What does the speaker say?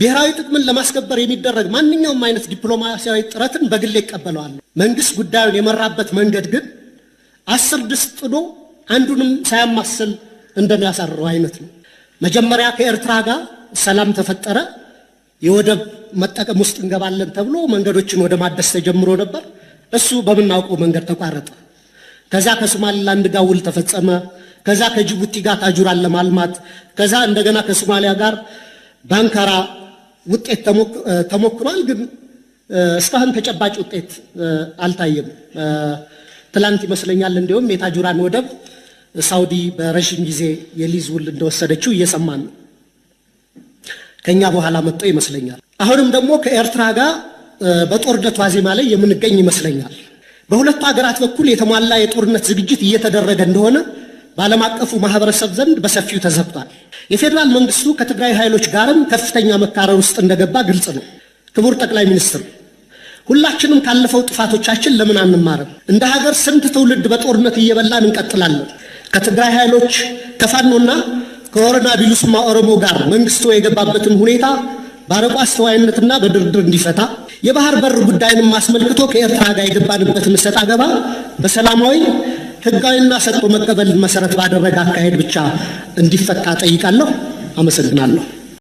ብሔራዊ ጥቅምን ለማስከበር የሚደረግ ማንኛውም አይነት ዲፕሎማሲያዊ ጥረትን በግሌ ይቀበለዋለሁ። መንግስት ጉዳዩን የመራበት መንገድ ግን አስር ድስት ጥዶ አንዱንም ሳያማስል እንደሚያሳርረው አይነት ነው። መጀመሪያ ከኤርትራ ጋር ሰላም ተፈጠረ፣ የወደብ መጠቀም ውስጥ እንገባለን ተብሎ መንገዶችን ወደ ማደስ ተጀምሮ ነበር። እሱ በምናውቀው መንገድ ተቋረጠ። ከዛ ከሶማሊላንድ ጋር ውል ተፈጸመ። ከዛ ከጅቡቲ ጋር ታጁራን ለማልማት ከዛ እንደገና ከሶማሊያ ጋር በአንካራ ውጤት ተሞክሯል፣ ግን እስካሁን ተጨባጭ ውጤት አልታየም። ትላንት ይመስለኛል እንዲሁም የታጁራን ወደብ ሳውዲ በረዥም ጊዜ የሊዝ ውል እንደወሰደችው እየሰማን ነው። ከኛ በኋላ መጥቶ ይመስለኛል። አሁንም ደግሞ ከኤርትራ ጋር በጦርነት ዋዜማ ላይ የምንገኝ ይመስለኛል። በሁለቱ ሀገራት በኩል የተሟላ የጦርነት ዝግጅት እየተደረገ እንደሆነ በዓለም አቀፉ ማህበረሰብ ዘንድ በሰፊው ተዘግቷል። የፌዴራል መንግስቱ ከትግራይ ኃይሎች ጋርም ከፍተኛ መካረር ውስጥ እንደገባ ግልጽ ነው። ክቡር ጠቅላይ ሚኒስትር፣ ሁላችንም ካለፈው ጥፋቶቻችን ለምን አንማርም? እንደ ሀገር ስንት ትውልድ በጦርነት እየበላን እንቀጥላለን? ከትግራይ ኃይሎች ከፋኖና ከወረዳ ቢሉስማ ኦሮሞ ጋር መንግስቱ የገባበትን ሁኔታ በአርቆ አስተዋይነትና በድርድር እንዲፈታ የባህር በር ጉዳይንም አስመልክቶ ከኤርትራ ጋር የገባንበትን እሰጥ አገባ በሰላማዊ ህጋዊና ሰጥቶ መቀበል መሰረት ባደረገ አካሄድ ብቻ እንዲፈታ ጠይቃለሁ። አመሰግናለሁ።